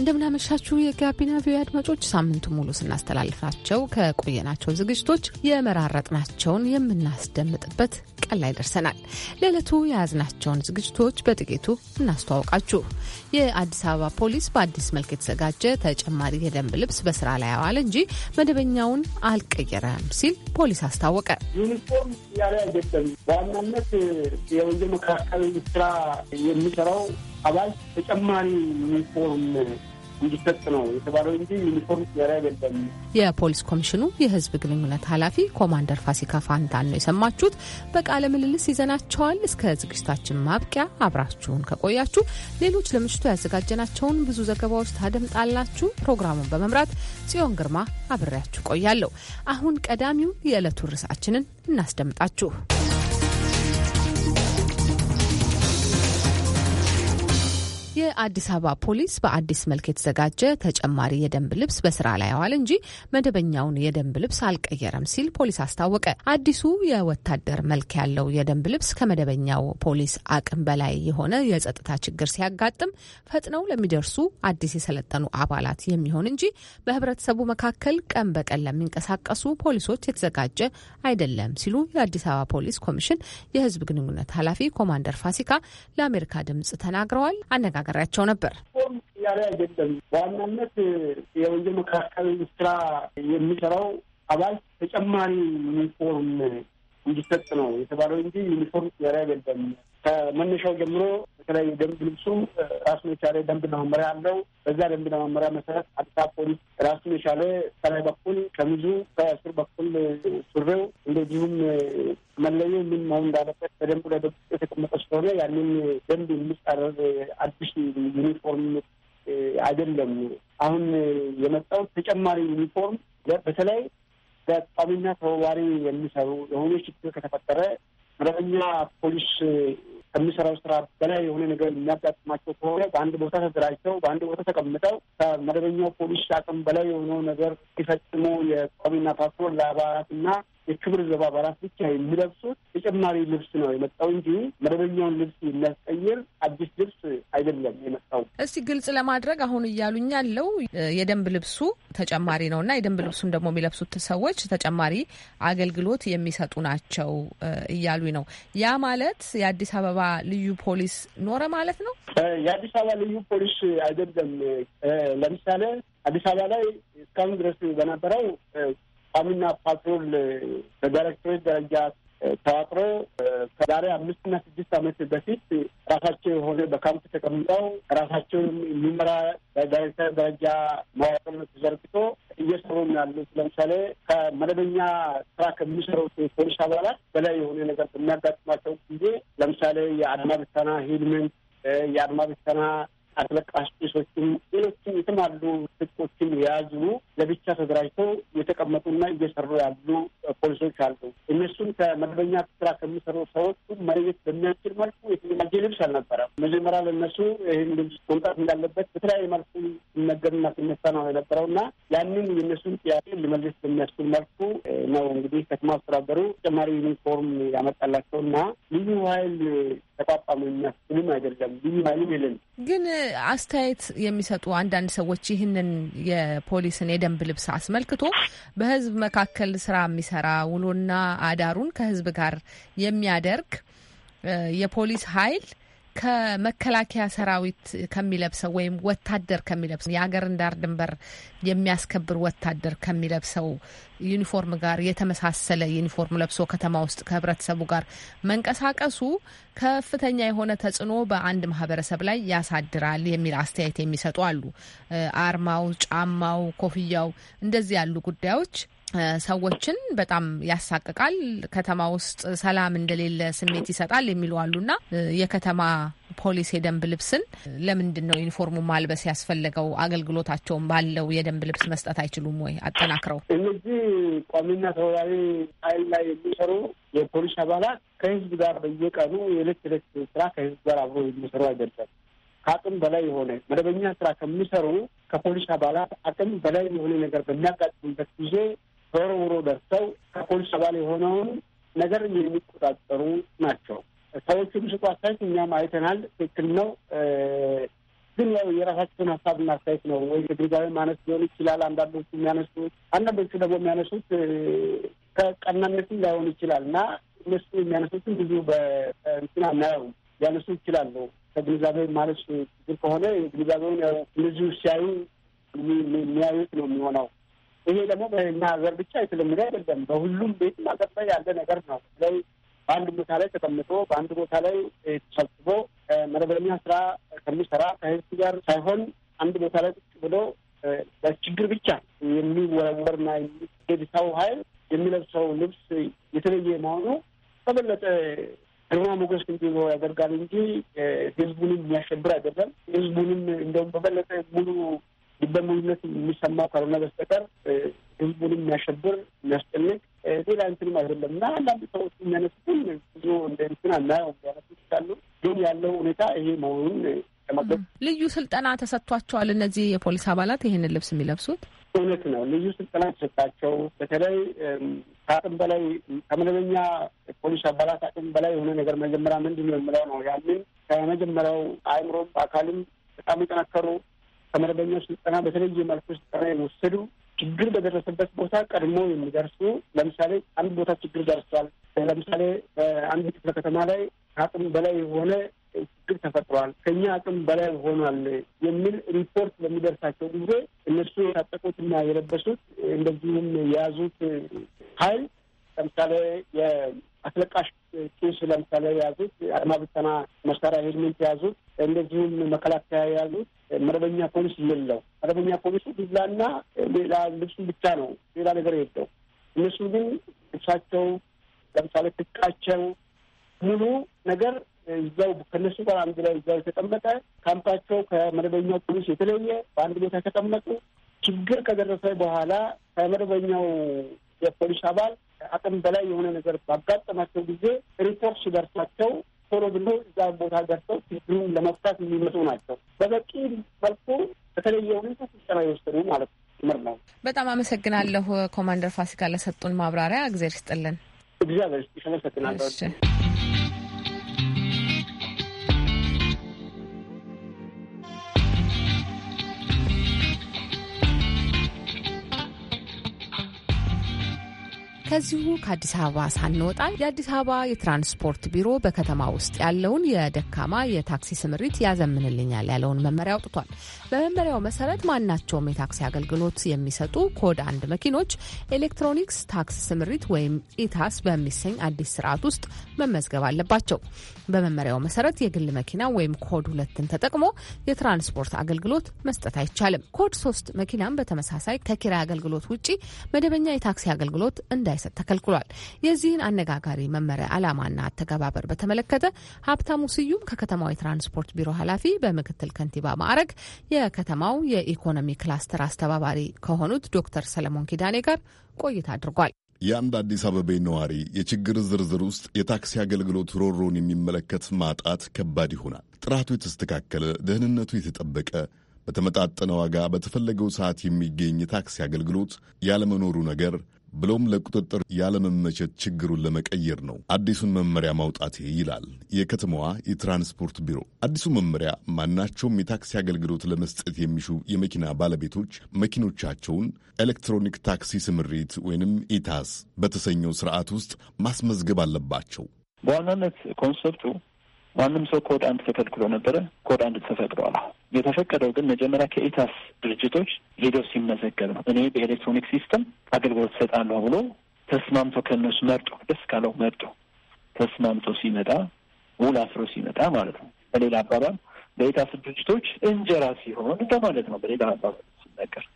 እንደምናመሻችሁ የጋቢና ቪዮ አድማጮች፣ ሳምንቱ ሙሉ ስናስተላልፋቸው ከቆየናቸው ዝግጅቶች የመራረጥናቸውን የምናስደምጥበት ቀን ላይ ደርሰናል። ለዕለቱ የያዝናቸውን ዝግጅቶች በጥቂቱ እናስተዋውቃችሁ። የአዲስ አበባ ፖሊስ በአዲስ መልክ የተዘጋጀ ተጨማሪ የደንብ ልብስ በስራ ላይ አዋለ እንጂ መደበኛውን አልቀየረም ሲል ፖሊስ አስታወቀ። ዩኒፎርም ያለ አይደለም። በዋናነት የወንጀል መከላከል ስራ የሚሰራው አባል ተጨማሪ ዩኒፎርም እንዲሰጥ ነው የተባለው እንጂ ዩኒፎርም ጥያሬ አይደለም። የፖሊስ ኮሚሽኑ የህዝብ ግንኙነት ኃላፊ ኮማንደር ፋሲካ ፋንታን ነው የሰማችሁት። በቃለ ምልልስ ይዘናቸዋል። እስከ ዝግጅታችን ማብቂያ አብራችሁን ከቆያችሁ ሌሎች ለምሽቱ ያዘጋጀናቸውን ብዙ ዘገባዎች ታደምጣላችሁ። ፕሮግራሙን በመምራት ጽዮን ግርማ አብሬያችሁ ቆያለሁ። አሁን ቀዳሚው የዕለቱ ርዕሳችንን እናስደምጣችሁ። የአዲስ አበባ ፖሊስ በአዲስ መልክ የተዘጋጀ ተጨማሪ የደንብ ልብስ በስራ ላይ ያዋል እንጂ መደበኛውን የደንብ ልብስ አልቀየረም ሲል ፖሊስ አስታወቀ። አዲሱ የወታደር መልክ ያለው የደንብ ልብስ ከመደበኛው ፖሊስ አቅም በላይ የሆነ የጸጥታ ችግር ሲያጋጥም ፈጥነው ለሚደርሱ አዲስ የሰለጠኑ አባላት የሚሆን እንጂ በህብረተሰቡ መካከል ቀን በቀን ለሚንቀሳቀሱ ፖሊሶች የተዘጋጀ አይደለም ሲሉ የአዲስ አበባ ፖሊስ ኮሚሽን የህዝብ ግንኙነት ኃላፊ ኮማንደር ፋሲካ ለአሜሪካ ድምጽ ተናግረዋል። አነጋገ አነጋግሬያቸው ነበር። ያለ አይደለም። በዋናነት የወንጀል መከላከል ስራ የሚሰራው አባል ተጨማሪ ዩኒፎርም እንዲሰጥ ነው የተባለው እንጂ ዩኒፎርም ጥያሬ አይደለም። ከመነሻው ጀምሮ የተለያዩ ደንብ ልብሱ ራሱን የቻለ ደንብና መመሪያ አለው። በዛ ደንብና መመሪያ መሰረት አዲስ አበባ ፖሊስ ራሱን የቻለ ከላይ በኩል ከምዙ ከስር በኩል ሱሬው እንደዚሁም መለዩ ምን መሆን እንዳለበት በደንቡ ላይ በግልጽ የተቀመጠ ስለሆነ ያንን ደንብ የሚጻረር አዲስ ዩኒፎርም አይደለም። አሁን የመጣው ተጨማሪ ዩኒፎርም በተለይ ተጠቃሚና ተወዋሪ የሚሰሩ የሆነ ችግር ከተፈጠረ መደበኛ ፖሊስ ከሚሰራው ስራ በላይ የሆነ ነገር የሚያጋጥማቸው ከሆነ በአንድ ቦታ ተደራጅተው በአንድ ቦታ ተቀምጠው ከመደበኛው ፖሊስ አቅም በላይ የሆነው ነገር ሲፈጽሙ የቋሚና ፓትሮል ለአባላትና የክብር ዘብ አባላት ብቻ የሚለብሱት ተጨማሪ ልብስ ነው የመጣው እንጂ መደበኛውን ልብስ የሚያስቀይር አዲስ ልብስ አይደለም የመጣው። እስቲ ግልጽ ለማድረግ አሁን እያሉኝ ያለው የደንብ ልብሱ ተጨማሪ ነው እና የደንብ ልብሱን ደግሞ የሚለብሱት ሰዎች ተጨማሪ አገልግሎት የሚሰጡ ናቸው እያሉኝ ነው። ያ ማለት የአዲስ አበባ ልዩ ፖሊስ ኖረ ማለት ነው። የአዲስ አበባ ልዩ ፖሊስ አይደለም። ለምሳሌ አዲስ አበባ ላይ እስካሁን ድረስ በነበረው ቋሚና ፓትሮል በዳይሬክቶሬት ደረጃ ተዋቅሮ ከዛሬ አምስትና ስድስት ዓመት በፊት ራሳቸው የሆነ በካምፕ ተቀምጠው ራሳቸውን የሚመራ በዳይሬክተር ደረጃ መዋቅር ተዘርግቶ እየሰሩ ያሉት ለምሳሌ ከመደበኛ ስራ ከሚሰሩት ፖሊስ አባላት በላይ የሆነ ነገር በሚያጋጥማቸው ጊዜ ለምሳሌ የአድማ ብተና ሂድመንት የአድማ ብተና አስለቃሽ ጭሶችም፣ ሌሎችም የተማሉ ህቆችን የያዙ ለብቻ ተደራጅተው የተቀመጡና እየሰሩ ያሉ ፖሊሶች አሉ። እነሱም ከመደበኛ ስራ ከሚሰሩ ሰዎች መለየት በሚያስችል መልኩ የተዘጋጀ ልብስ አልነበረም። መጀመሪያ ለእነሱ ይህን ልብስ መምጣት እንዳለበት በተለያየ መልኩ ሲነገርና ሲነሳ ነው የነበረው እና ያንን የእነሱን ጥያቄ ሊመልስ በሚያስችል መልኩ ነው እንግዲህ ከተማ አስተዳደሩ ተጨማሪ ዩኒፎርም ያመጣላቸው እና ልዩ ኃይል ተቋቋሙ ምንም አይደለም። ብዙ ሀይልም የለን። ግን አስተያየት የሚሰጡ አንዳንድ ሰዎች ይህንን የፖሊስን የደንብ ልብስ አስመልክቶ በህዝብ መካከል ስራ የሚሰራ ውሎና አዳሩን ከህዝብ ጋር የሚያደርግ የፖሊስ ሀይል ከመከላከያ ሰራዊት ከሚለብሰው ወይም ወታደር ከሚለብሰው የሀገርን ዳር ድንበር የሚያስከብር ወታደር ከሚለብሰው ዩኒፎርም ጋር የተመሳሰለ ዩኒፎርም ለብሶ ከተማ ውስጥ ከህብረተሰቡ ጋር መንቀሳቀሱ ከፍተኛ የሆነ ተጽዕኖ በአንድ ማህበረሰብ ላይ ያሳድራል የሚል አስተያየት የሚሰጡ አሉ። አርማው፣ ጫማው፣ ኮፍያው እንደዚህ ያሉ ጉዳዮች ሰዎችን በጣም ያሳቅቃል። ከተማ ውስጥ ሰላም እንደሌለ ስሜት ይሰጣል የሚሉ አሉና የከተማ ፖሊስ የደንብ ልብስን ለምንድን ነው ዩኒፎርሙ ማልበስ ያስፈለገው? አገልግሎታቸውን ባለው የደንብ ልብስ መስጠት አይችሉም ወይ? አጠናክረው እነዚህ ቋሚና ተወዳሪ ኃይል ላይ የሚሰሩ የፖሊስ አባላት ከህዝብ ጋር በየቀኑ የዕለት ዕለት ስራ ከህዝብ ጋር አብሮ የሚሰሩ አይደለም። ከአቅም በላይ የሆነ መደበኛ ስራ ከሚሰሩ ከፖሊስ አባላት አቅም በላይ የሆነ ነገር በሚያጋጥምበት ጊዜ ውሮ ደርሰው ከፖሊስ አባል የሆነውን ነገር የሚቆጣጠሩ ናቸው። ሰዎቹ ሲሰጡ አስተያየት እኛም አይተናል። ትክክል ነው። ግን ያው የራሳቸውን ሀሳብና አስተያየት ነው። ወይ ግንዛቤ ማነስ ሊሆን ይችላል። አንዳንዶቹ የሚያነሱት አንዳንዶቹ ደግሞ የሚያነሱት ከቀናነትም ላይሆን ይችላል እና እነሱ የሚያነሱትን ብዙ በእንትና ናየው ሊያነሱ ይችላሉ። ከግንዛቤ ማነስ ችግር ከሆነ ግንዛቤውን ያው እንደዚሁ ሲያዩ የሚያዩት ነው የሚሆነው ይሄ ደግሞ በእኛ ሀገር ብቻ የተለመደ አይደለም። በሁሉም ቤት ማቀባ ያለ ነገር ነው። ላይ በአንድ ቦታ ላይ ተቀምጦ በአንድ ቦታ ላይ ተሰብስቦ መደበኛ ስራ ከሚሰራ ከህዝብ ጋር ሳይሆን አንድ ቦታ ላይ ቁጭ ብሎ በችግር ብቻ የሚወረወርና የሚገድ ሰው ሀይል የሚለብሰው ልብስ የተለየ መሆኑ በበለጠ ግርማ ሞገስ እንዲኖር ያደርጋል እንጂ ህዝቡንም የሚያሸብር አይደለም። ህዝቡንም እንደውም በበለጠ ሙሉ ልበሙሉነት የሚሰማ ካልሆነ በስተቀር ህዝቡንም የሚያሸብር የሚያስጨንቅ ሌላ እንትንም አይደለም እና አንዳንድ ሰዎች የሚያነሱትን ብዙ እንደ እንትን አናየውም። ያነሱ ይችላሉ፣ ግን ያለው ሁኔታ ይሄ መሆኑን ልዩ ስልጠና ተሰጥቷቸዋል። እነዚህ የፖሊስ አባላት ይህንን ልብስ የሚለብሱት እውነት ነው። ልዩ ስልጠና ተሰጣቸው። በተለይ ከአቅም በላይ ከመደበኛ ፖሊስ አባላት አቅም በላይ የሆነ ነገር መጀመሪያ ምንድን ነው የምለው ነው። ያንን ከመጀመሪያው አእምሮም አካልም በጣም የጠነከሩ ከመደበኛ ስልጠና በተለየ መልኩ ስልጠና የወሰዱ ችግር በደረሰበት ቦታ ቀድሞ የሚደርሱ ለምሳሌ አንድ ቦታ ችግር ደርሷል። ለምሳሌ በአንድ ክፍለ ከተማ ላይ ከአቅም በላይ የሆነ ችግር ተፈጥሯል፣ ከኛ አቅም በላይ ሆኗል የሚል ሪፖርት በሚደርሳቸው ጊዜ እነሱ የታጠቁትና የለበሱት እንደዚሁም የያዙት ኃይል ለምሳሌ አስለቃሽ ጭስ ለምሳሌ የያዙት አድማ ብተና መሳሪያ ሄልሜንት የያዙት እንደዚሁም መከላከያ የያዙት መደበኛ ፖሊስ የለው። መደበኛ ፖሊሱ ዱላና ሌላ ልብሱ ብቻ ነው፣ ሌላ ነገር የለው። እነሱ ግን ልብሳቸው ለምሳሌ ትቃቸው ሙሉ ነገር እዛው ከነሱ ጋር አንድ ላይ እዛው የተቀመጠ ካምፓቸው ከመደበኛው ፖሊስ የተለየ በአንድ ቦታ የተቀመጡ ችግር ከደረሰ በኋላ ከመደበኛው የፖሊስ አባል አቅም በላይ የሆነ ነገር ባጋጠማቸው ጊዜ ሪፖርት ሲደርሳቸው ቶሎ ብሎ እዛ ቦታ ደርሰው ችግሩን ለመፍታት የሚመጡ ናቸው። በበቂ መልኩ በተለየ ሁኔታ ስልጠና የወሰዱ ማለት ምር ነው። በጣም አመሰግናለሁ ኮማንደር ፋሲካ ለሰጡን ማብራሪያ። እግዜር ይስጥልን። እግዚአብሔር ይስጥሽ። አመሰግናለሁ። ከዚሁ ከአዲስ አበባ ሳንወጣ የአዲስ አበባ የትራንስፖርት ቢሮ በከተማ ውስጥ ያለውን የደካማ የታክሲ ስምሪት ያዘምንልኛል ያለውን መመሪያ አውጥቷል። በመመሪያው መሰረት ማናቸውም የታክሲ አገልግሎት የሚሰጡ ኮድ አንድ መኪኖች ኤሌክትሮኒክስ ታክስ ስምሪት ወይም ኢታስ በሚሰኝ አዲስ ስርዓት ውስጥ መመዝገብ አለባቸው። በመመሪያው መሰረት የግል መኪና ወይም ኮድ ሁለትን ተጠቅሞ የትራንስፖርት አገልግሎት መስጠት አይቻልም። ኮድ ሶስት መኪናም በተመሳሳይ ከኪራይ አገልግሎት ውጪ መደበኛ የታክሲ አገልግሎት እንዳይ እንዳይሰጥ ተከልክሏል። የዚህን አነጋጋሪ መመሪያ ዓላማና አተገባበር በተመለከተ ሀብታሙ ስዩም ከከተማው የትራንስፖርት ቢሮ ኃላፊ በምክትል ከንቲባ ማዕረግ የከተማው የኢኮኖሚ ክላስተር አስተባባሪ ከሆኑት ዶክተር ሰለሞን ኪዳኔ ጋር ቆይታ አድርጓል። የአንድ አዲስ አበባ ነዋሪ የችግር ዝርዝር ውስጥ የታክሲ አገልግሎት ሮሮን የሚመለከት ማጣት ከባድ ይሆናል። ጥራቱ የተስተካከለ፣ ደህንነቱ የተጠበቀ፣ በተመጣጠነ ዋጋ በተፈለገው ሰዓት የሚገኝ የታክሲ አገልግሎት ያለመኖሩ ነገር ብሎም ለቁጥጥር ያለመመቸት ችግሩን ለመቀየር ነው አዲሱን መመሪያ ማውጣት ይላል የከተማዋ የትራንስፖርት ቢሮ። አዲሱ መመሪያ ማናቸውም የታክሲ አገልግሎት ለመስጠት የሚሹ የመኪና ባለቤቶች መኪኖቻቸውን ኤሌክትሮኒክ ታክሲ ስምሪት ወይንም ኢታስ በተሰኘው ስርዓት ውስጥ ማስመዝገብ አለባቸው። በዋናነት ኮንሰፕቱ ማንም ሰው ኮድ አንድ ተከልክሎ ነበረ። ኮድ አንድ ተፈቅዷል። የተፈቀደው ግን መጀመሪያ ከኢታስ ድርጅቶች ሄደው ሲመዘገብ ነው። እኔ በኤሌክትሮኒክ ሲስተም አገልግሎት ሰጣለሁ ብሎ ተስማምቶ ከነሱ መርጦ ደስ ካለው መርጦ ተስማምቶ ሲመጣ ውል አስሮ ሲመጣ ማለት ነው። በሌላ አባባል በኢታስ ድርጅቶች እንጀራ ሲሆን እንደማለት ነው። በሌላ አባባል ሲነገር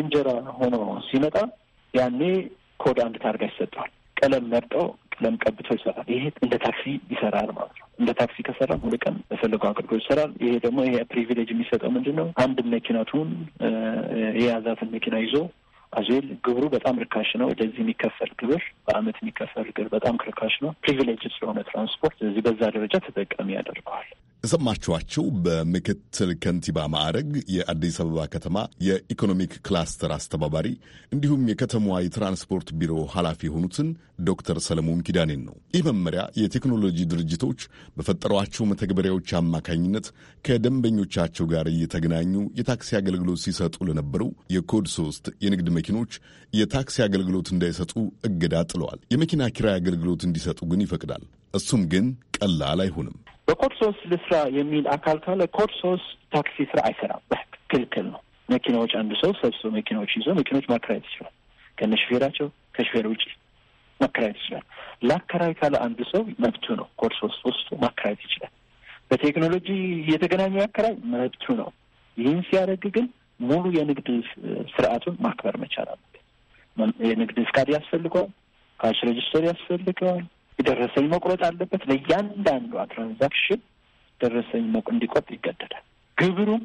እንጀራ ሆኖ ሲመጣ ያኔ ኮድ አንድ ታርጋ ይሰጠዋል። ቀለም መርጠው ለምቀብቶ ይሰራል። ይሄ እንደ ታክሲ ይሰራል ማለት ነው። እንደ ታክሲ ከሰራ ሁሉ ቀን የፈለገው አቅርቦ ይሰራል። ይሄ ደግሞ ይሄ ፕሪቪሌጅ የሚሰጠው ምንድን ነው? አንድ መኪናቱን የያዛትን መኪና ይዞ አዜል ግብሩ በጣም ርካሽ ነው። ወደዚህ የሚከፈል ግብር በአመት የሚከፈል ግብር በጣም ርካሽ ነው። ፕሪቪሌጅ ስለሆነ ትራንስፖርት፣ እዚህ በዛ ደረጃ ተጠቃሚ ያደርገዋል። የሰማችኋቸው በምክትል ከንቲባ ማዕረግ የአዲስ አበባ ከተማ የኢኮኖሚክ ክላስተር አስተባባሪ እንዲሁም የከተማዋ የትራንስፖርት ቢሮ ኃላፊ የሆኑትን ዶክተር ሰለሞን ኪዳኔን ነው። ይህ መመሪያ የቴክኖሎጂ ድርጅቶች በፈጠሯቸው መተግበሪያዎች አማካኝነት ከደንበኞቻቸው ጋር እየተገናኙ የታክሲ አገልግሎት ሲሰጡ ለነበሩ የኮድ ሶስት የንግድ መኪኖች የታክሲ አገልግሎት እንዳይሰጡ እገዳ ጥለዋል። የመኪና ኪራይ አገልግሎት እንዲሰጡ ግን ይፈቅዳል። እሱም ግን ቀላል አይሆንም። በኮድ ሶስት ልስራ የሚል አካል ካለ ኮድ ሶስት ታክሲ ስራ አይሰራም። በህግ ክልክል ነው። መኪናዎች አንድ ሰው ሰብስቦ መኪናዎች ይዞ መኪናዎች ማከራየት ይችላል። ከነ ሹፌራቸው ከሹፌር ውጭ ማከራየት ይችላል። ለአከራይ ካለ አንድ ሰው መብቱ ነው። ኮድ ሶስት ወስዶ ማከራየት ይችላል። በቴክኖሎጂ የተገናኙ አከራይ መብቱ ነው። ይህን ሲያደርግ ግን ሙሉ የንግድ ስርዓቱን ማክበር መቻል አለበት። የንግድ ፍቃድ ያስፈልገዋል። ካሽ ሬጅስተር ያስፈልገዋል። የደረሰኝ መቁረጥ አለበት። ለእያንዳንዷ ትራንዛክሽን ደረሰኝ መቁ እንዲቆርጥ ይገደዳል። ግብሩም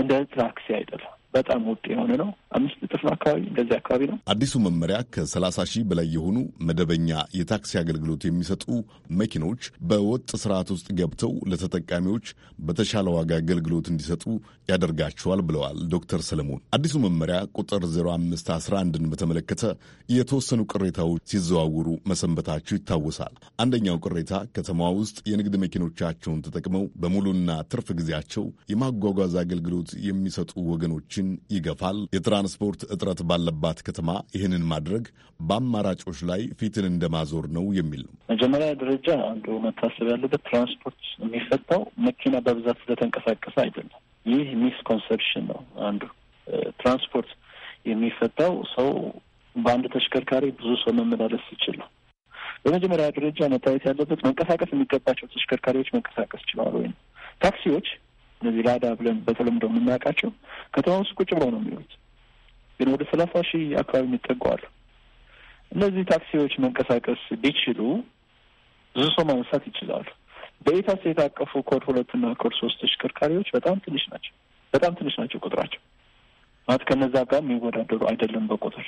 እንደ ታክሲ አይጠፋም። በጣም ውድ የሆነ ነው። አምስት እጥፍ አካባቢ እንደዚህ አካባቢ ነው። አዲሱ መመሪያ ከሰላሳ ሺህ በላይ የሆኑ መደበኛ የታክሲ አገልግሎት የሚሰጡ መኪኖች በወጥ ስርዓት ውስጥ ገብተው ለተጠቃሚዎች በተሻለ ዋጋ አገልግሎት እንዲሰጡ ያደርጋቸዋል ብለዋል ዶክተር ሰለሞን። አዲሱ መመሪያ ቁጥር 0511ን በተመለከተ የተወሰኑ ቅሬታዎች ሲዘዋውሩ መሰንበታቸው ይታወሳል። አንደኛው ቅሬታ ከተማዋ ውስጥ የንግድ መኪኖቻቸውን ተጠቅመው በሙሉና ትርፍ ጊዜያቸው የማጓጓዝ አገልግሎት የሚሰጡ ወገኖች። ወጪዎችን ይገፋል። የትራንስፖርት እጥረት ባለባት ከተማ ይህንን ማድረግ በአማራጮች ላይ ፊትን እንደማዞር ነው የሚል ነው። መጀመሪያ ደረጃ አንዱ መታሰብ ያለበት ትራንስፖርት የሚፈታው መኪና በብዛት ስለተንቀሳቀሰ አይደለም። ይህ ሚስ ነው። አንዱ ትራንስፖርት የሚፈታው ሰው በአንድ ተሽከርካሪ ብዙ ሰው መመላለስ ሲችል ነው። በመጀመሪያ ደረጃ መታየት ያለበት መንቀሳቀስ የሚገባቸው ተሽከርካሪዎች መንቀሳቀስ ይችላሉ ወይም ታክሲዎች እነዚህ ላዳ ብለን በተለምዶ የምናውቃቸው ከተማ ውስጥ ቁጭ ብለው ነው የሚሉት። ግን ወደ ሰላሳ ሺህ አካባቢ የሚጠጓዋል። እነዚህ ታክሲዎች መንቀሳቀስ ቢችሉ ብዙ ሰው ማንሳት ይችላሉ። በኢታስ የታቀፉ ኮድ ሁለትና ኮድ ሶስት ተሽከርካሪዎች በጣም ትንሽ ናቸው። በጣም ትንሽ ናቸው ቁጥራቸው ማለት ከነዛ ጋር የሚወዳደሩ አይደለም በቁጥር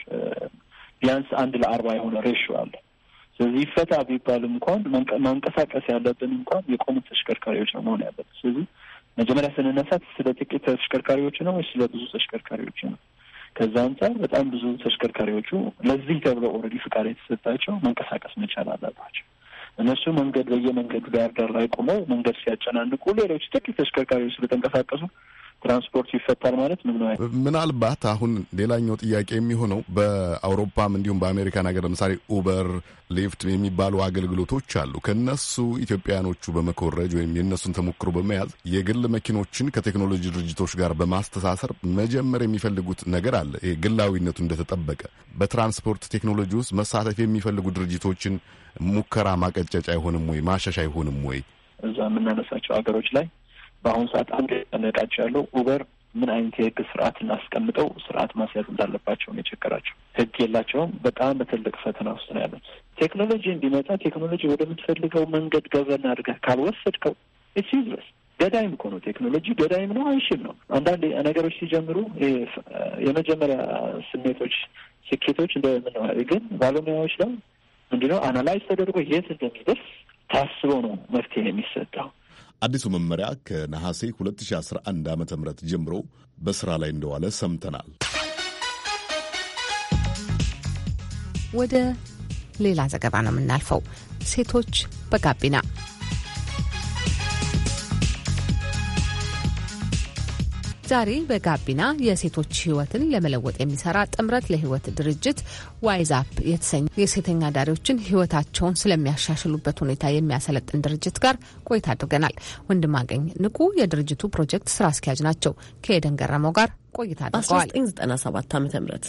ቢያንስ አንድ ለአርባ የሆነ ሬሾ አለ። ስለዚህ ፈታ ቢባል እንኳን መንቀሳቀስ ያለብን እንኳን የቆሙት ተሽከርካሪዎች ነው መሆን ያለብን። ስለዚህ መጀመሪያ ስንነሳት ስለ ጥቂት ተሽከርካሪዎች ነው ወይ ስለ ብዙ ተሽከርካሪዎች ነው? ከዛ አንጻር በጣም ብዙ ተሽከርካሪዎቹ ለዚህ ተብለው ኦልሬዲ ፍቃድ የተሰጣቸው መንቀሳቀስ መቻል አለባቸው። እነሱ መንገድ በየመንገዱ ዳር ዳር ላይ ቆመው መንገድ ሲያጨናንቁ፣ ሌሎች ጥቂት ተሽከርካሪዎች ስለተንቀሳቀሱ ትራንስፖርት ይፈታል ማለት ምን ነው? ምናልባት አሁን ሌላኛው ጥያቄ የሚሆነው በአውሮፓም እንዲሁም በአሜሪካን ሀገር ለምሳሌ ኡበር፣ ሊፍት የሚባሉ አገልግሎቶች አሉ። ከነሱ ኢትዮጵያኖቹ በመኮረጅ ወይም የእነሱን ተሞክሮ በመያዝ የግል መኪኖችን ከቴክኖሎጂ ድርጅቶች ጋር በማስተሳሰር መጀመር የሚፈልጉት ነገር አለ። ይሄ ግላዊነቱ እንደተጠበቀ በትራንስፖርት ቴክኖሎጂ ውስጥ መሳተፍ የሚፈልጉ ድርጅቶችን ሙከራ ማቀጨጫ አይሆንም ወይ? ማሻሻ አይሆንም ወይ? እዛ የምናነሳቸው ሀገሮች ላይ በአሁኑ ሰዓት አንድ ያስጠነቃቸው ያለው ኡበር ምን አይነት የህግ ስርዓት እናስቀምጠው ስርዓት ማስያዝ እንዳለባቸው ነው የቸገራቸው። ህግ የላቸውም። በጣም በትልቅ ፈተና ውስጥ ነው ያለው። ቴክኖሎጂ እንዲመጣ ቴክኖሎጂ ወደምትፈልገው መንገድ ገበና አድርገህ ካልወሰድከው ኢትስ ዩዝለስ ገዳይም እኮ ነው ቴክኖሎጂ፣ ገዳይም ነው፣ አይሽም ነው። አንዳንድ ነገሮች ሲጀምሩ የመጀመሪያ ስሜቶች፣ ስኬቶች እንደምንዋ ግን ባለሙያዎች ላይ ምንድነው አናላይዝ ተደርጎ የት እንደሚደርስ ታስቦ ነው መፍትሄ የሚሰጠው። አዲሱ መመሪያ ከነሐሴ 2011 ዓ ም ጀምሮ በሥራ ላይ እንደዋለ ሰምተናል። ወደ ሌላ ዘገባ ነው የምናልፈው። ሴቶች በጋቢና ዛሬ በጋቢና የሴቶች ህይወትን ለመለወጥ የሚሰራ ጥምረት ለህይወት ድርጅት ዋይዛፕ የተሰኘ የሴተኛ ዳሪዎችን ህይወታቸውን ስለሚያሻሽሉበት ሁኔታ የሚያሰለጥን ድርጅት ጋር ቆይታ አድርገናል። ወንድማገኝ ንቁ የድርጅቱ ፕሮጀክት ስራ አስኪያጅ ናቸው። ከኤደን ገረመው ጋር ቆይታ አድርገዋል። 1997 ዓ ም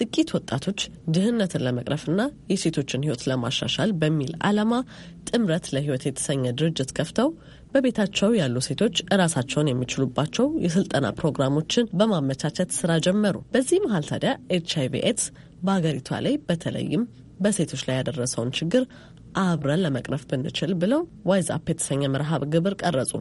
ጥቂት ወጣቶች ድህነትን ለመቅረፍና የሴቶችን ህይወት ለማሻሻል በሚል አላማ ጥምረት ለህይወት የተሰኘ ድርጅት ከፍተው በቤታቸው ያሉ ሴቶች እራሳቸውን የሚችሉባቸው የስልጠና ፕሮግራሞችን በማመቻቸት ስራ ጀመሩ። በዚህ መሀል ታዲያ ኤች አይቪ ኤድስ በሀገሪቷ ላይ በተለይም በሴቶች ላይ ያደረሰውን ችግር አብረን ለመቅረፍ ብንችል ብለው ዋይዛፕ አፕ የተሰኘ መርሃ ግብር ቀረጹ።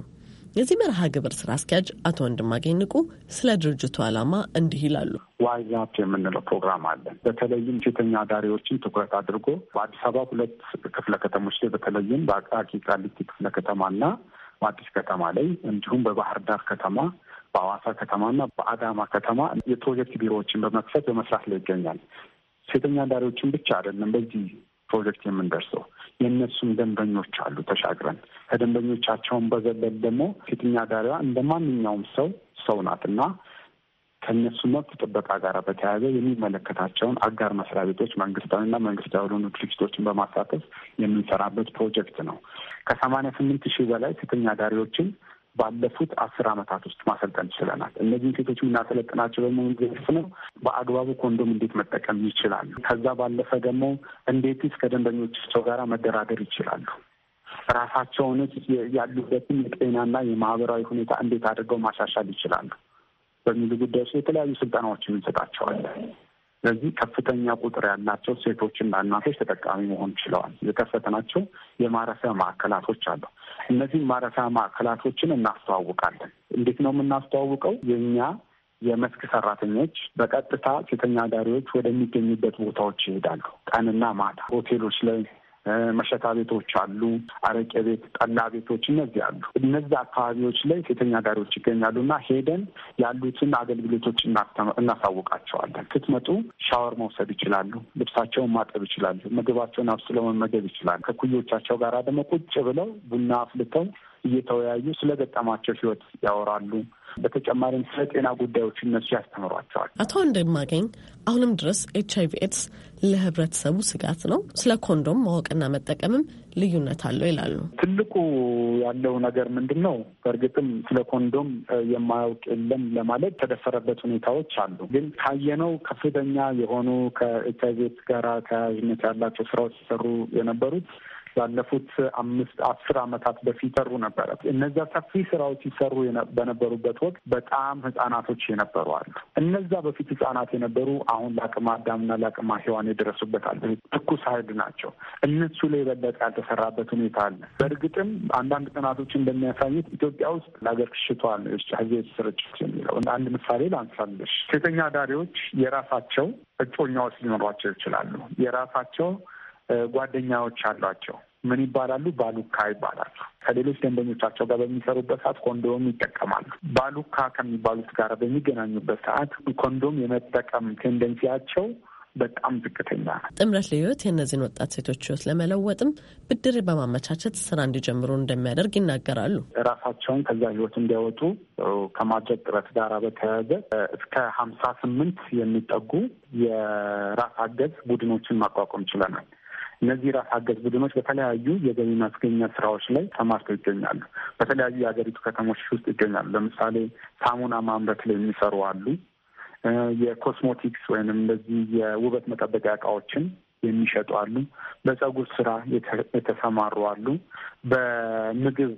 የዚህ መርሃ ግብር ስራ አስኪያጅ አቶ ወንድማገኝ ንቁ ስለ ድርጅቱ ዓላማ እንዲህ ይላሉ። ዋይዛፕ የምንለው ፕሮግራም አለን። በተለይም ሴተኛ አዳሪዎችን ትኩረት አድርጎ በአዲስ አበባ ሁለት ክፍለ ከተሞች ላይ በተለይም በአቃቂ ቃሊቲ ክፍለ ከተማና በአዲስ ከተማ ላይ እንዲሁም በባህር ዳር ከተማ በአዋሳ ከተማና በአዳማ ከተማ የፕሮጀክት ቢሮዎችን በመክፈት በመስራት ላይ ይገኛል። ሴተኛ አዳሪዎችን ብቻ አይደለም በዚህ ፕሮጀክት የምንደርሰው የእነሱም ደንበኞች አሉ። ተሻግረን ከደንበኞቻቸውን በዘለል ደግሞ ሴተኛ አዳሪዋ እንደ ማንኛውም ሰው ሰው ናት እና ከእነሱ መብት ጥበቃ ጋር በተያያዘ የሚመለከታቸውን አጋር መስሪያ ቤቶች መንግስታዊና መንግስታዊ ያልሆኑ ድርጅቶችን በማሳተፍ የምንሰራበት ፕሮጀክት ነው። ከሰማንያ ስምንት ሺህ በላይ ሴተኛ አዳሪዎችን ባለፉት አስር ዓመታት ውስጥ ማሰልጠን ችለናል። እነዚህን ሴቶች የምናሰለጥናቸው ደግሞ ዘርፍ ነው። በአግባቡ ኮንዶም እንዴት መጠቀም ይችላሉ፣ ከዛ ባለፈ ደግሞ እንዴትስ ከደንበኞቻቸው ጋር መደራደር ይችላሉ፣ ራሳቸውን ያሉበትን የጤናና የማህበራዊ ሁኔታ እንዴት አድርገው ማሻሻል ይችላሉ በሚሉ ጉዳዮች ላይ የተለያዩ ስልጠናዎችን እንሰጣቸዋለን። ስለዚህ ከፍተኛ ቁጥር ያላቸው ሴቶችና እናቶች ተጠቃሚ መሆን ችለዋል። የከፈትናቸው የማረፊያ ማዕከላቶች አሉ። እነዚህ ማረፊያ ማዕከላቶችን እናስተዋውቃለን። እንዴት ነው የምናስተዋውቀው? የእኛ የመስክ ሰራተኞች በቀጥታ ሴተኛ አዳሪዎች ወደሚገኙበት ቦታዎች ይሄዳሉ። ቀንና ማታ ሆቴሎች ላይ መሸታ ቤቶች አሉ፣ አረቄ ቤት፣ ጠላ ቤቶች እነዚህ አሉ። እነዚህ አካባቢዎች ላይ ሴተኛ አዳሪዎች ይገኛሉ እና ሄደን ያሉትን አገልግሎቶች እናሳውቃቸዋለን። ስትመጡ ሻወር መውሰድ ይችላሉ፣ ልብሳቸውን ማጠብ ይችላሉ፣ ምግባቸውን አብስለው መመገብ ይችላሉ። ከኩዮቻቸው ጋር ደግሞ ቁጭ ብለው ቡና አፍልተው እየተወያዩ ስለገጠማቸው ህይወት ያወራሉ። በተጨማሪም ስለ ጤና ጉዳዮች እነሱ ያስተምሯቸዋል። አቶ እንደማገኝ አሁንም ድረስ ኤች አይቪ ኤድስ ለህብረተሰቡ ስጋት ነው፣ ስለ ኮንዶም ማወቅና መጠቀምም ልዩነት አለው ይላሉ። ትልቁ ያለው ነገር ምንድን ነው? በእርግጥም ስለ ኮንዶም የማያውቅ የለም ለማለት የተደፈረበት ሁኔታዎች አሉ። ግን ካየነው ከፍተኛ የሆኑ ከኤች አይቪ ኤድስ ጋር ተያያዥነት ያላቸው ስራዎች ሲሰሩ የነበሩት ባለፉት አምስት አስር ዓመታት በፊት ይሰሩ ነበረ። እነዛ ሰፊ ስራዎች ይሰሩ በነበሩበት ወቅት በጣም ህጻናቶች የነበሩ አሉ። እነዛ በፊት ህጻናት የነበሩ አሁን ለአቅመ አዳምና ለአቅመ ሔዋን የደረሱበታል ትኩስ ሀይል ናቸው። እነሱ ላይ የበለጠ ያልተሰራበት ሁኔታ አለ። በእርግጥም አንዳንድ ጥናቶች እንደሚያሳዩት ኢትዮጵያ ውስጥ ለሀገር ክሽቷል ነው ሀዜት ስርጭት የሚለው አንድ ምሳሌ ላንሳለሽ። ሴተኛ አዳሪዎች የራሳቸው እጮኛዎች ሊኖሯቸው ይችላሉ። የራሳቸው ጓደኛዎች አሏቸው። ምን ይባላሉ? ባሉካ ይባላሉ። ከሌሎች ደንበኞቻቸው ጋር በሚሰሩበት ሰዓት ኮንዶም ይጠቀማሉ። ባሉካ ከሚባሉት ጋር በሚገናኙበት ሰዓት ኮንዶም የመጠቀም ቴንደንሲያቸው በጣም ዝቅተኛ ነው። ጥምረት ልዩት የእነዚህን ወጣት ሴቶች ህይወት ለመለወጥም ብድር በማመቻቸት ስራ እንዲጀምሩ እንደሚያደርግ ይናገራሉ። ራሳቸውን ከዛ ህይወት እንዲያወጡ ከማድረግ ጥረት ጋር በተያያዘ እስከ ሀምሳ ስምንት የሚጠጉ የራስ አገዝ ቡድኖችን ማቋቋም ችለናል። እነዚህ ራስ አገዝ ቡድኖች በተለያዩ የገቢ ማስገኛ ስራዎች ላይ ተማርተው ይገኛሉ። በተለያዩ የሀገሪቱ ከተሞች ውስጥ ይገኛሉ። ለምሳሌ ሳሙና ማምረት ላይ የሚሰሩ አሉ። የኮስሞቲክስ ወይንም እንደዚህ የውበት መጠበቂያ እቃዎችን የሚሸጡ አሉ። በጸጉር ስራ የተሰማሩ አሉ። በምግብ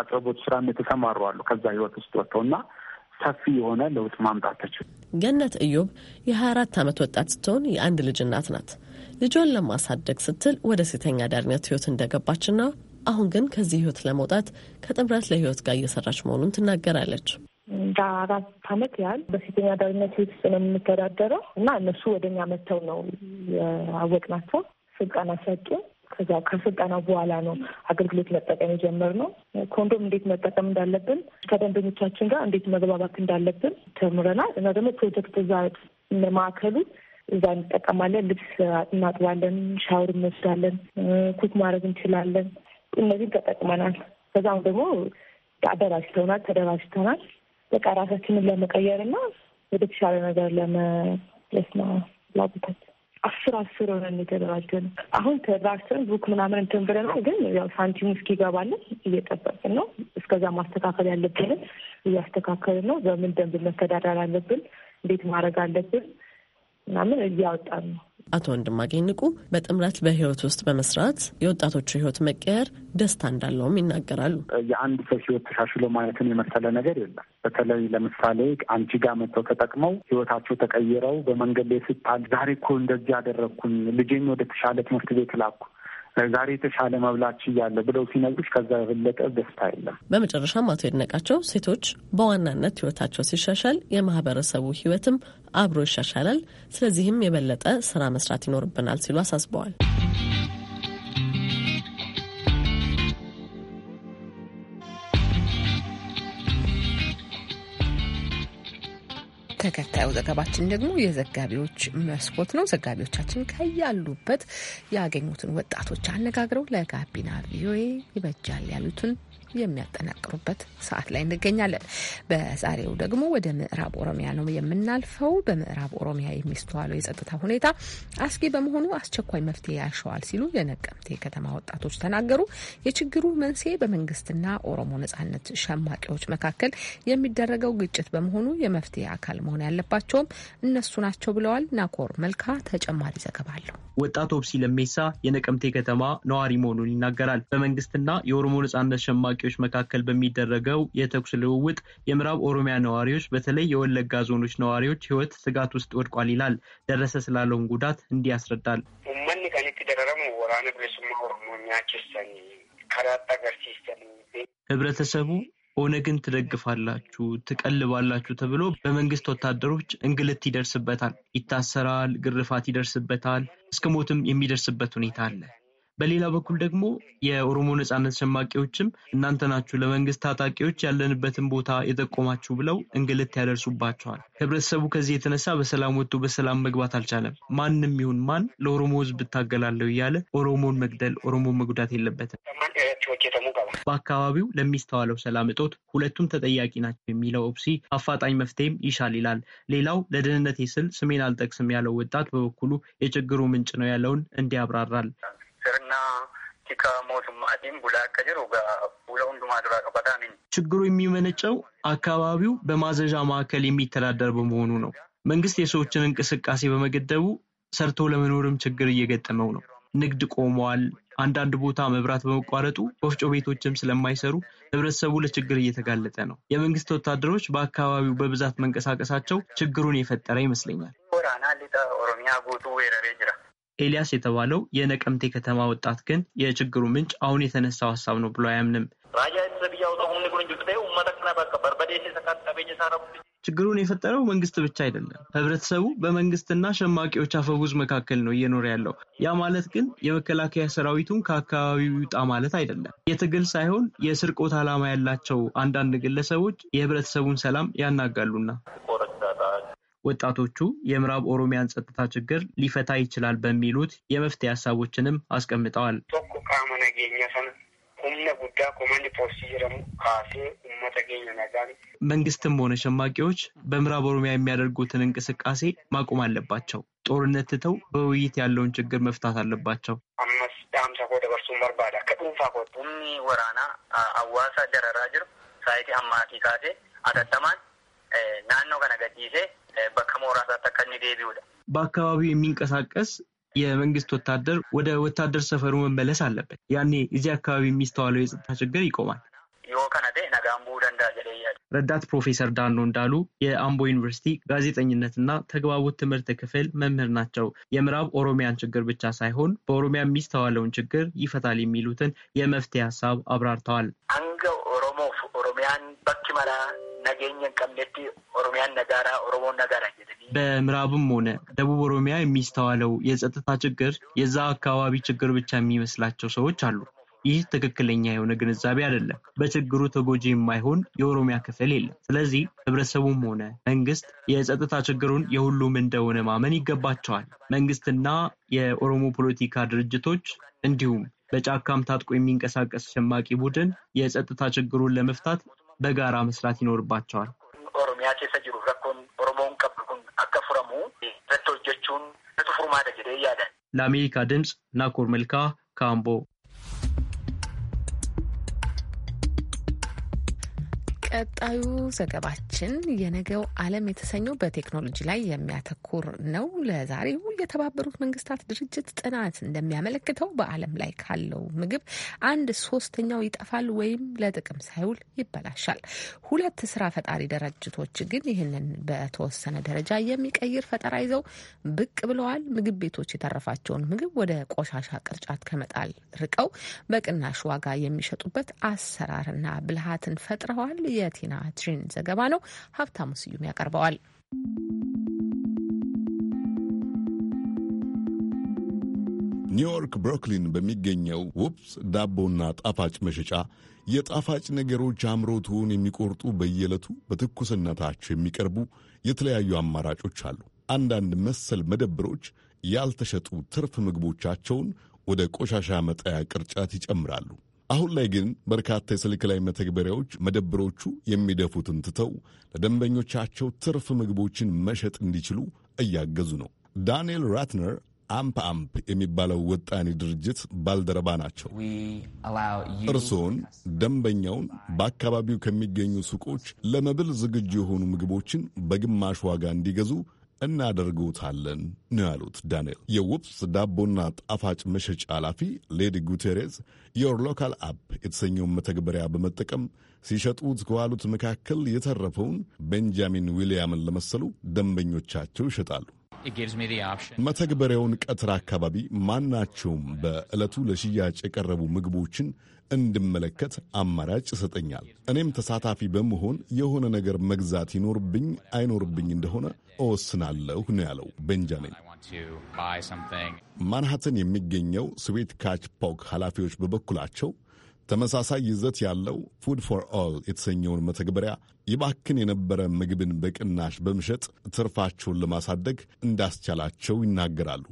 አቅርቦት ስራም የተሰማሩ አሉ። ከዛ ህይወት ውስጥ ወጥተው እና ሰፊ የሆነ ለውጥ ማምጣት ተችሏል። ገነት እዮብ የሀያ አራት አመት ወጣት ስትሆን የአንድ ልጅ እናት ናት። ልጇን ለማሳደግ ስትል ወደ ሴተኛ አዳሪነት ህይወት እንደገባችና አሁን ግን ከዚህ ህይወት ለመውጣት ከጥምረት ለህይወት ጋር እየሰራች መሆኑን ትናገራለች። እንደ አራት አመት ያህል በሴተኛ አዳሪነት ህይወት ውስጥ ነው የምንተዳደረው እና እነሱ ወደኛ መጥተው ነው ያወቅናቸው። ስልጠና ሰጡ። ከዛ ከስልጠና በኋላ ነው አገልግሎት መጠቀም የጀመርነው። ኮንዶም እንዴት መጠቀም እንዳለብን፣ ከደንበኞቻችን ጋር እንዴት መግባባት እንዳለብን ተምረናል እና ደግሞ ፕሮጀክት እዛ ማዕከሉ እዛ እንጠቀማለን። ልብስ እናጥባለን፣ ሻወር እንወስዳለን፣ ኩክ ማድረግ እንችላለን። እነዚህን ተጠቅመናል። ከዛም ደግሞ አደራጅተውናል፣ ተደራጅተናል። በቃ ራሳችንን ለመቀየር እና ወደ ተሻለ ነገር ለመለስ ነው ፍላጎታችን። አስር አስር ሆነን የተደራጀን አሁን ተደራጅተን ቡክ ምናምን እንትን ብለን ግን ያው ሳንቲሙ እስኪገባለን እየጠበቅን ነው። እስከዛ ማስተካከል ያለብንን እያስተካከልን ነው። በምን ደንብ መተዳደር አለብን፣ እንዴት ማድረግ አለብን ምናምን እያወጣን ነው። አቶ ወንድማገኝ ንቁ በጥምረት በህይወት ውስጥ በመስራት የወጣቶቹ ህይወት መቀየር ደስታ እንዳለውም ይናገራሉ። የአንድ ሰው ህይወት ተሻሽሎ ማለትን የመሰለ ነገር የለም። በተለይ ለምሳሌ አንቺ ጋር መጥተው ተጠቅመው ህይወታቸው ተቀይረው በመንገድ ላይ ስታል ዛሬ እኮ እንደዚህ ያደረግኩኝ ልጄን ወደ ተሻለ ትምህርት ቤት ላኩ ዛሬ የተሻለ መብላት ችያለሁ ብለው ሲነግሩች ከዛ የበለጠ ደስታ የለም። በመጨረሻም አቶ የድነቃቸው ሴቶች በዋናነት ህይወታቸው ሲሻሻል የማህበረሰቡ ህይወትም አብሮ ይሻሻላል፣ ስለዚህም የበለጠ ስራ መስራት ይኖርብናል ሲሉ አሳስበዋል። ተከታዩ ዘገባችን ደግሞ የዘጋቢዎች መስኮት ነው። ዘጋቢዎቻችን ከያሉበት ያገኙትን ወጣቶች አነጋግረው ለጋቢና ቪኦኤ ይበጃል ያሉትን የሚያጠናቅሩበት ሰዓት ላይ እንገኛለን። በዛሬው ደግሞ ወደ ምዕራብ ኦሮሚያ ነው የምናልፈው። በምዕራብ ኦሮሚያ የሚስተዋለው የጸጥታ ሁኔታ አስጊ በመሆኑ አስቸኳይ መፍትሄ ያሸዋል ሲሉ የነቀምቴ ከተማ ወጣቶች ተናገሩ። የችግሩ መንስኤ በመንግስትና ኦሮሞ ነጻነት ሸማቂዎች መካከል የሚደረገው ግጭት በመሆኑ የመፍትሄ አካል መሆን ያለባቸውም እነሱ ናቸው ብለዋል። ናኮር መልካ ተጨማሪ ዘገባ አለው። ወጣት ኦብሲ ለሜሳ የነቀምቴ ከተማ ነዋሪ መሆኑን ይናገራል። በመንግስትና የኦሮሞ ነጻነት ሸማቂ ታጣቂዎች መካከል በሚደረገው የተኩስ ልውውጥ የምዕራብ ኦሮሚያ ነዋሪዎች በተለይ የወለጋ ዞኖች ነዋሪዎች ህይወት ስጋት ውስጥ ወድቋል ይላል። ደረሰ ስላለውን ጉዳት እንዲህ ያስረዳል። ኡመኒ ደረረሙ ወራነ ብሬሱማ ኦሮሞኛ ችሰኒ ከራጣ ገርሲስተኒ ህብረተሰቡ ኦነግን ትደግፋላችሁ፣ ትቀልባላችሁ ተብሎ በመንግስት ወታደሮች እንግልት ይደርስበታል፣ ይታሰራል፣ ግርፋት ይደርስበታል፣ እስከ ሞትም የሚደርስበት ሁኔታ አለ። በሌላ በኩል ደግሞ የኦሮሞ ነጻነት ሸማቂዎችም እናንተ ናችሁ ለመንግስት ታጣቂዎች ያለንበትን ቦታ የጠቆማችሁ ብለው እንግልት ያደርሱባቸዋል። ህብረተሰቡ ከዚህ የተነሳ በሰላም ወጥቶ በሰላም መግባት አልቻለም። ማንም ይሁን ማን ለኦሮሞ ህዝብ እታገላለሁ እያለ ኦሮሞን መግደል፣ ኦሮሞን መጉዳት የለበትም። በአካባቢው ለሚስተዋለው ሰላም እጦት ሁለቱም ተጠያቂ ናቸው የሚለው ኦፕሲ አፋጣኝ መፍትሄም ይሻል ይላል። ሌላው ለደህንነቴ ስል ስሜን አልጠቅስም ያለው ወጣት በበኩሉ የችግሩ ምንጭ ነው ያለውን እንዲያብራራል። sirnaa ችግሩ የሚመነጨው አካባቢው በማዘዣ ማዕከል የሚተዳደር በመሆኑ ነው። መንግስት የሰዎችን እንቅስቃሴ በመገደቡ ሰርቶ ለመኖርም ችግር እየገጠመው ነው። ንግድ ቆመዋል። አንዳንድ ቦታ መብራት በመቋረጡ ወፍጮ ቤቶችም ስለማይሰሩ ህብረተሰቡ ለችግር እየተጋለጠ ነው። የመንግስት ወታደሮች በአካባቢው በብዛት መንቀሳቀሳቸው ችግሩን የፈጠረ ይመስለኛል። ኦሮሚያ ጉቱ ኤልያስ የተባለው የነቀምቴ ከተማ ወጣት ግን የችግሩ ምንጭ አሁን የተነሳው ሀሳብ ነው ብሎ አያምንም። ችግሩን የፈጠረው መንግስት ብቻ አይደለም። ህብረተሰቡ በመንግስትና ሸማቂዎች አፈጉዝ መካከል ነው እየኖረ ያለው። ያ ማለት ግን የመከላከያ ሰራዊቱን ከአካባቢው ይውጣ ማለት አይደለም። የትግል ሳይሆን የስርቆት ዓላማ ያላቸው አንዳንድ ግለሰቦች የህብረተሰቡን ሰላም ያናጋሉና ወጣቶቹ የምዕራብ ኦሮሚያን ጸጥታ ችግር ሊፈታ ይችላል በሚሉት የመፍትሄ ሀሳቦችንም አስቀምጠዋል። መንግስትም ሆነ ሸማቂዎች በምዕራብ ኦሮሚያ የሚያደርጉትን እንቅስቃሴ ማቆም አለባቸው። ጦርነት ትተው በውይይት ያለውን ችግር መፍታት አለባቸው። ወራና አዋሳ ደረራ ሳይቲ አማቲ ካሴ አተተማን ናኖ ከነገዲሴ በከሞ ራሳ ዴቢውዳ በአካባቢው የሚንቀሳቀስ የመንግስት ወታደር ወደ ወታደር ሰፈሩ መመለስ አለበት። ያኔ እዚህ አካባቢ የሚስተዋለው የጸጥታ ችግር ይቆማል። ረዳት ፕሮፌሰር ዳኖ እንዳሉ የአምቦ ዩኒቨርሲቲ ጋዜጠኝነትና ተግባቦት ትምህርት ክፍል መምህር ናቸው። የምዕራብ ኦሮሚያን ችግር ብቻ ሳይሆን በኦሮሚያ የሚስተዋለውን ችግር ይፈታል የሚሉትን የመፍትሄ ሀሳብ አብራርተዋል። አንገ ኦሮሞ ኦሮሚያን በኪ መላ ነገኘን ኦሮሚያን ነጋራ ኦሮሞ ነጋራ በምዕራብም ሆነ ደቡብ ኦሮሚያ የሚስተዋለው የጸጥታ ችግር የዛ አካባቢ ችግር ብቻ የሚመስላቸው ሰዎች አሉ። ይህ ትክክለኛ የሆነ ግንዛቤ አይደለም። በችግሩ ተጎጂ የማይሆን የኦሮሚያ ክፍል የለም። ስለዚህ ህብረተሰቡም ሆነ መንግስት የጸጥታ ችግሩን የሁሉም እንደሆነ ማመን ይገባቸዋል። መንግስትና የኦሮሞ ፖለቲካ ድርጅቶች እንዲሁም በጫካም ታጥቆ የሚንቀሳቀስ ሸማቂ ቡድን የጸጥታ ችግሩን ለመፍታት በጋራ መስራት ይኖርባቸዋል። ኦሮሚያ ኬሰ ጅሩ ረኮን ኦሮሞውን ቀብኩን አከፍረሙ ረቶ ጀቹን ለአሜሪካ ድምፅ ናኮር መልካ ካምቦ ቀጣዩ ዘገባችን የነገው ዓለም የተሰኘው በቴክኖሎጂ ላይ የሚያተኩር ነው። ለዛሬው የተባበሩት መንግስታት ድርጅት ጥናት እንደሚያመለክተው በዓለም ላይ ካለው ምግብ አንድ ሶስተኛው ይጠፋል ወይም ለጥቅም ሳይውል ይበላሻል። ሁለት ስራ ፈጣሪ ድርጅቶች ግን ይህንን በተወሰነ ደረጃ የሚቀይር ፈጠራ ይዘው ብቅ ብለዋል። ምግብ ቤቶች የተረፋቸውን ምግብ ወደ ቆሻሻ ቅርጫት ከመጣል ርቀው በቅናሽ ዋጋ የሚሸጡበት አሰራርና ብልሃትን ፈጥረዋል። የቲና ትሪን ዘገባ ነው። ሀብታሙ ስዩም ያቀርበዋል። ኒውዮርክ ብሩክሊን በሚገኘው ውብስ ዳቦና ጣፋጭ መሸጫ የጣፋጭ ነገሮች አእምሮትን የሚቆርጡ በየዕለቱ በትኩስነታቸው የሚቀርቡ የተለያዩ አማራጮች አሉ። አንዳንድ መሰል መደብሮች ያልተሸጡ ትርፍ ምግቦቻቸውን ወደ ቆሻሻ መጣያ ቅርጫት ይጨምራሉ። አሁን ላይ ግን በርካታ የስልክ ላይ መተግበሪያዎች መደብሮቹ የሚደፉትን ትተው ለደንበኞቻቸው ትርፍ ምግቦችን መሸጥ እንዲችሉ እያገዙ ነው። ዳንኤል ራትነር አምፕ አምፕ የሚባለው ወጣኔ ድርጅት ባልደረባ ናቸው። እርስዎን ደንበኛውን በአካባቢው ከሚገኙ ሱቆች ለመብል ዝግጁ የሆኑ ምግቦችን በግማሽ ዋጋ እንዲገዙ እናደርጉታለን ነው ያሉት ዳንኤል። የውብስ ዳቦና ጣፋጭ መሸጫ ኃላፊ ሌዲ ጉቴሬዝ ዮር ሎካል አፕ የተሰኘውን መተግበሪያ በመጠቀም ሲሸጡት ከዋሉት መካከል የተረፈውን ቤንጃሚን ዊልያምን ለመሰሉ ደንበኞቻቸው ይሸጣሉ። መተግበሪያውን ቀትር አካባቢ ማናቸውም በዕለቱ ለሽያጭ የቀረቡ ምግቦችን እንድመለከት አማራጭ ይሰጠኛል። እኔም ተሳታፊ በመሆን የሆነ ነገር መግዛት ይኖርብኝ አይኖርብኝ እንደሆነ እወስናለሁ ነው ያለው ቤንጃሚን። ማንሃተን የሚገኘው ስዊት ካች ፖክ ኃላፊዎች በበኩላቸው ተመሳሳይ ይዘት ያለው ፉድ ፎር ኦል የተሰኘውን መተግበሪያ ይባክን የነበረ ምግብን በቅናሽ በመሸጥ ትርፋቸውን ለማሳደግ እንዳስቻላቸው ይናገራሉ።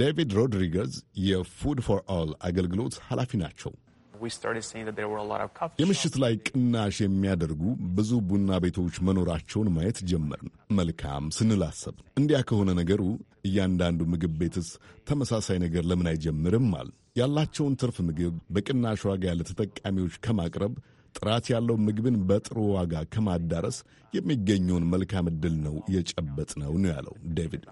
ዴቪድ ሮድሪገዝ የፉድ ፎር ኦል አገልግሎት ኃላፊ ናቸው። የምሽት ላይ ቅናሽ የሚያደርጉ ብዙ ቡና ቤቶች መኖራቸውን ማየት ጀመርን። መልካም ስንላሰብ እንዲያ ከሆነ ነገሩ እያንዳንዱ ምግብ ቤትስ ተመሳሳይ ነገር ለምን አይጀምርም አል ያላቸውን ትርፍ ምግብ በቅናሽ ዋጋ ያለ ተጠቃሚዎች ከማቅረብ ጥራት ያለው ምግብን በጥሩ ዋጋ ከማዳረስ የሚገኘውን መልካም ዕድል ነው የጨበጥ ነው ነው ያለው ዴቪድ።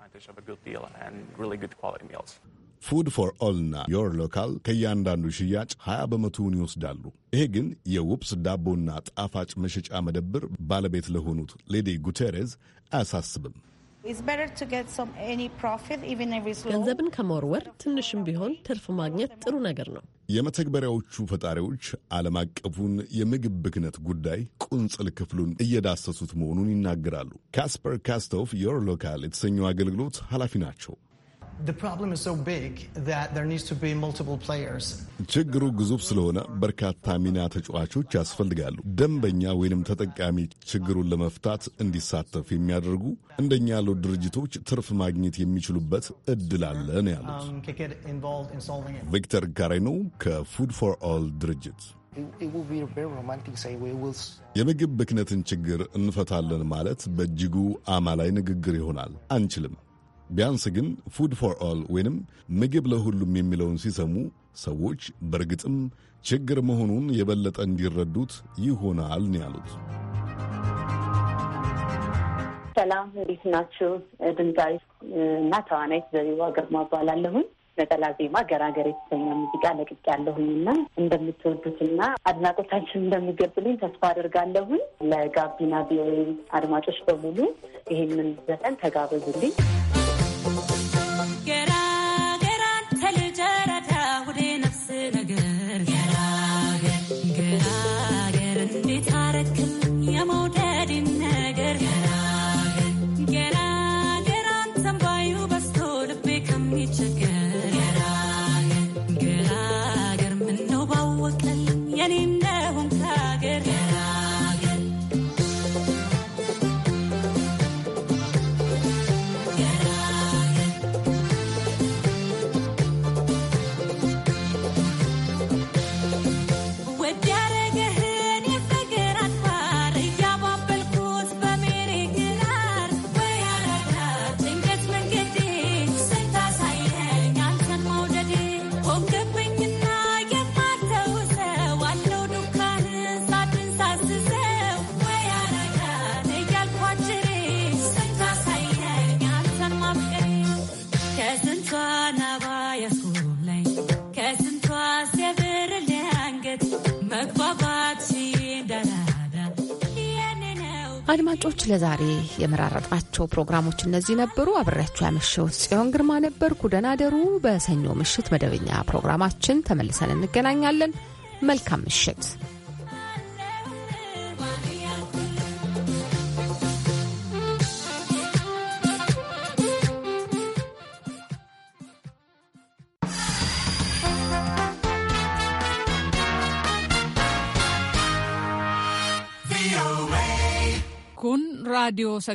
ፉድ ፎር ኦል እና ዮር ሎካል ከእያንዳንዱ ሽያጭ 20 በመቶውን ይወስዳሉ። ይሄ ግን የውብስ ዳቦና ጣፋጭ መሸጫ መደብር ባለቤት ለሆኑት ሌዲ ጉቴሬዝ አያሳስብም። ገንዘብን ከመወርወር ትንሽም ቢሆን ትርፍ ማግኘት ጥሩ ነገር ነው። የመተግበሪያዎቹ ፈጣሪዎች ዓለም አቀፉን የምግብ ብክነት ጉዳይ ቁንጽል ክፍሉን እየዳሰሱት መሆኑን ይናገራሉ። ካስፐር ካስቶፍ ዮር ሎካል የተሰኘው አገልግሎት ኃላፊ ናቸው። ችግሩ ግዙፍ ስለሆነ በርካታ ሚና ተጫዋቾች ያስፈልጋሉ። ደንበኛ ወይንም ተጠቃሚ ችግሩን ለመፍታት እንዲሳተፍ የሚያደርጉ እንደኛ ያሉ ድርጅቶች ትርፍ ማግኘት የሚችሉበት እድል አለ ነው ያሉት um, ቪክተር ጋሬኖ ከፉድ ፎር ኦል ድርጅት። የምግብ ብክነትን ችግር እንፈታለን ማለት በእጅጉ አማላይ ንግግር ይሆናል። አንችልም ቢያንስ ግን ፉድ ፎር ኦል ወይንም ምግብ ለሁሉም የሚለውን ሲሰሙ ሰዎች በእርግጥም ችግር መሆኑን የበለጠ እንዲረዱት ይሆናል ነው ያሉት። ሰላም፣ እንዴት ናችሁ? ድምፃዊ እና ተዋናይት ዘቢባ ግርማ እባላለሁኝ። ነጠላ ዜማ ገራገር የተሰኘ ሙዚቃ ያለሁኝ እና እንደምትወዱትና አድናቆታችን እንደሚገብልኝ ተስፋ አድርጋለሁኝ። ለጋቢና ቪኦኤ አድማጮች በሙሉ ይህንን ዘፈን ተጋበዙልኝ። አድማጮች ለዛሬ የመራረጥናቸው ፕሮግራሞች እነዚህ ነበሩ። አብሬያችሁ ያመሸሁት ጽዮን ግርማ ነበርኩ። ደናደሩ በሰኞ ምሽት መደበኛ ፕሮግራማችን ተመልሰን እንገናኛለን። መልካም ምሽት። Radio